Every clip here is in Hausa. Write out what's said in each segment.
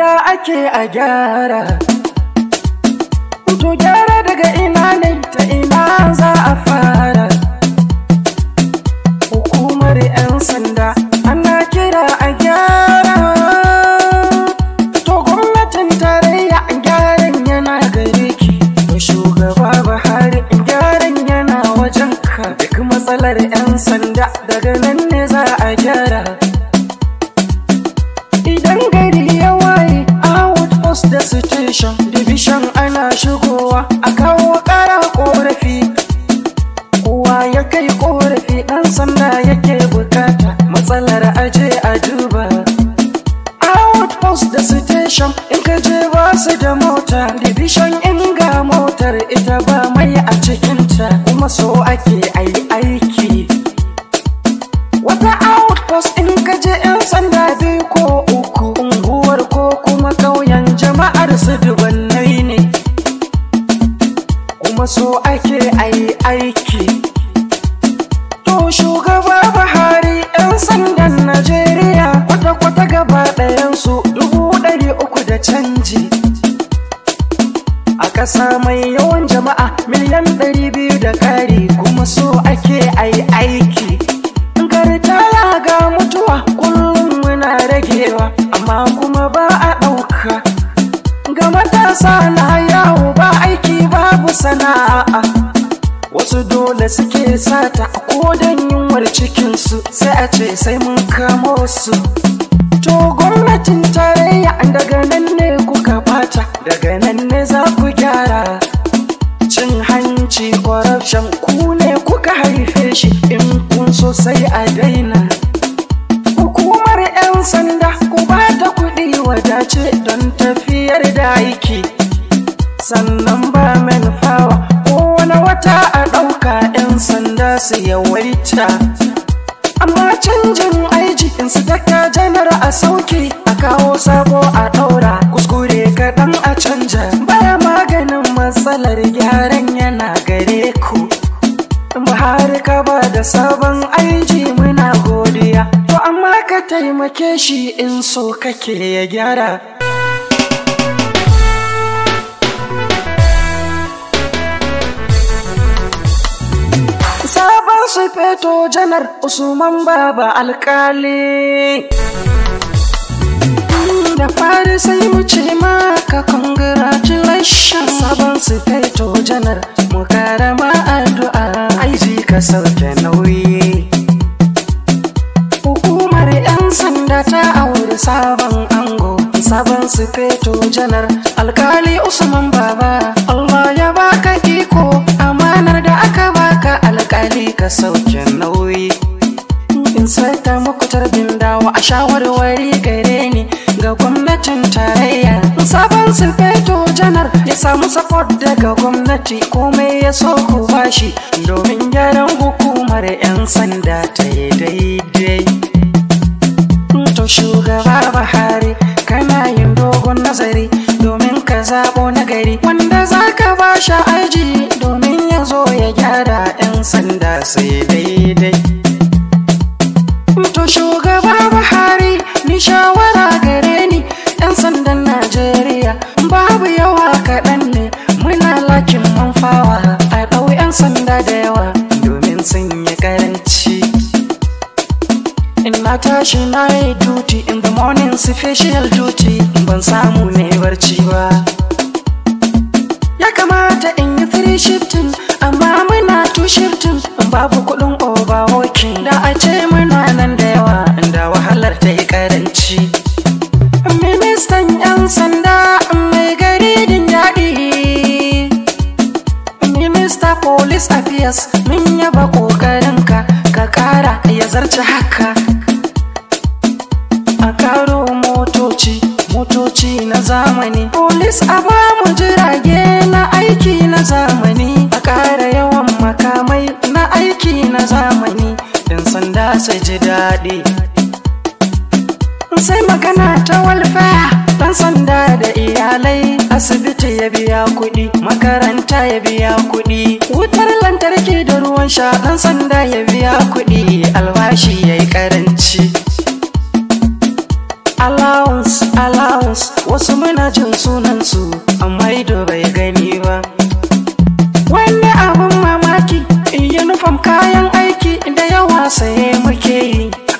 gida ake a gyara to gyara daga ina ne ta ina za a fara hukumar 'yan sanda ana kira a gyara to gwamnatin tarayya gyaran yana gare ki shugaba buhari gyaran yana wajen ka duk matsalar 'yan sanda daga nan ne za a gyara idan gari division division ana shigowa a kawo kara korafi kowa ya kai korafi dan sanda yake bukata matsalar aje a duba outpost da station in ka je ba su da mota division inga motar ita ba mai a cikinta kuma so ake ayi aiki wata outpost in ka je 'yan sanda biyu ko aiki to shugaba buhari 'yan sandan najeriya kwata-kwata gaba ɗayansu dubu ɗari uku da canji a ƙasa mai yawan jama'a miliyan ɗari biyu da ƙari kuma so ake ai aiki garitaya ga mutuwa kullum muna ragewa amma kuma ba a ɗauka ga matasa na yawo ba aiki babu sana'a da suke sata a kodan yunwar cikinsu sai a ce sai mun kamo su to gwamnatin tarayya daga nan ne kuka bata daga nan ne za ku gyara cin hanci corruption ku ne kuka haife shi in kun so sai a daina hukumar 'yan sanda ku ba ta kuɗi wadace don tafiyar da aiki sannan ba manufawa ko wani wata a ɗauka sanda su yawaita amma canjin aiki daga janar a sauki a kawo sabo a ɗaura kuskure kaɗan a canja baya maganin matsalar gyaran yana gare ku buhari ka ba da sabon aiji muna godiya to amma ka taimake shi in so kake ya gyara Janar Usman Baba Alkali. Da fari sai mu ce maka congratulation sabon Sufeto Janar mu karama addu'a ji ka sauke nauyi. Hukumar 'yan sanda ta auri sabon ango sabon Sufeto Janar Alkali Usman Baba Allah ya baka iko amanar da aka baka alkali ka sauke. sata muku tarbin dawo a shawarwari gare ni ga gwamnatin tarayya sabon sufeto janar ya samu support daga gwamnati komai ya so ku bashi domin gyaran hukumar 'yan sanda ta yi daidai to shugaba buhari kana yin dogon nazari domin ka zaɓo nagari wanda za ka ba shi aji domin ya zo ya gyara 'yan sanda sai daidai na tashi na yi duty in the morning special duty ban samu ne barci ba ya kamata in yi free shifting amma muna two shifting babu kudin overworking da a ce muna nan da yawa da wahalar ta yi karanci ministan yan sanda mai gari din daɗi minista police affairs mun yaba kokarinka ka kara ya zarci haka motoci na zamani polis a ba mu jirage na aiki na zamani a ƙara yawan makamai na aiki na zamani yan sanda su ji daɗi sai magana ta walfaya dan sanda da iyalai asibiti ya biya kuɗi makaranta ya biya kuɗi wutar lantarki da ruwan sha dan sanda ya biya kuɗi alwa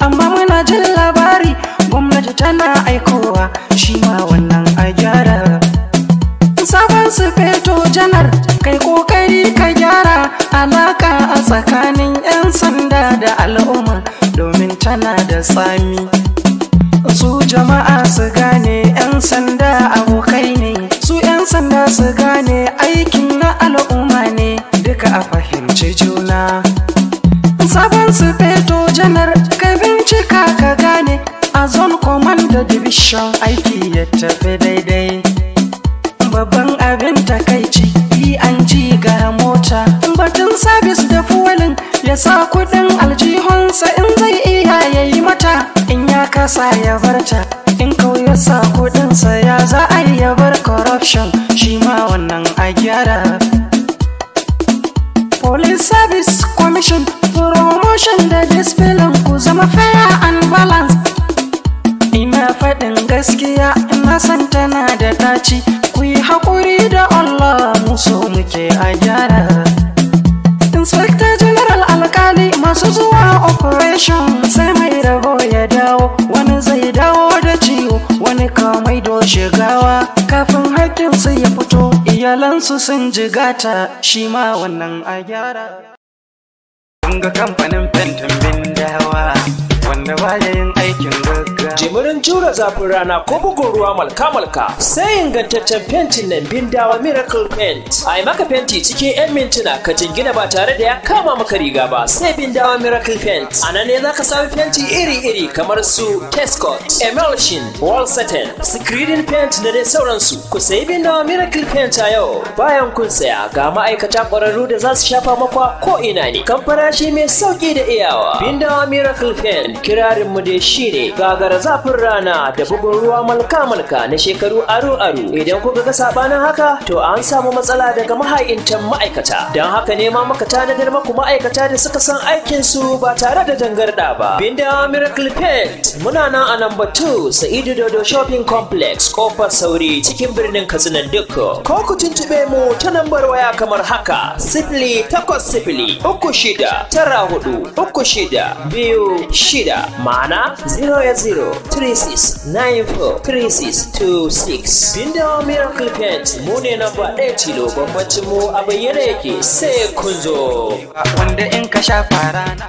amma muna jin labari gwamnati tana aikowa shi ma wannan a gyara sabon su feto janar kai kokari ka gyara alaka a tsakanin 'yan sanda da al'umma domin tana da tsami su jama'a su gane 'yan sanda abokai ne su 'yan sanda su gane aikin na al'umma ne duka a fahimci juna sabon su feto mission aiki ya tafi daidai babban abin takaici yi an ji ga mota batun sabis da fuwalin ya sa kudin aljihunsa in zai iya ya yi mata in ya kasa ya barta in ya sa kudinsa ya za a ya bar corruption shi ma wannan a gyara police service commission promotion da disbilin ku zama fair and balanced. faɗin gaskiya na san tana da ɗaci ku yi haƙuri da Allah musu muke a gyara inspector general alkali masu zuwa operation sai mai rabo ya dawo wani zai dawo da ciwo wani kamai do shigawa kafin haƙƙinsu ya fito iyalansu sun jigata shi ma wannan a gyara Kunga kamfanin fentin Jura zafin rana ko bugun ruwa malka-malka sai ingantaccen fentin nan bindawa miracle paint a yi maka fenti cikin 'yan mintuna ka jingina ba tare da ya kama maka riga ba sai bindawa miracle paint a nan ne za ka sami fenti iri-iri kamar su tescott emulsion wall satin screening paint da dai sauransu ku sayi bindawa miracle paint a yau bayan kun saya ga ma'aikata ƙwararru da za su shafa makwa ko ina ne kan farashi mai sauki da iyawa bindawa miracle paint kirarinmu da shi ne gagara zafin rana rana da bugun ruwa malka-malka na shekaru aro-aro idan kuka ga sabanin haka to an samu matsala daga maha'intan ma'aikata don haka ne ma muka tanadar maku ma'aikata da suka san aikin su ba tare da dangarda ba binda miracle pet muna nan a number 2 sa'idu dodo shopping complex kofar sauri cikin birnin Katsina dukko ko ku tuntube mu ta lambar waya kamar haka sifili takwas sifili uku shida tara hudu uku shida biyu shida ma'ana ya zero 3 3694 Bindawa Miracle Paint mu ne namba ɗaya tilo bambancin mu a bayyana yake sai kun zo. Wanda in ka sha fara na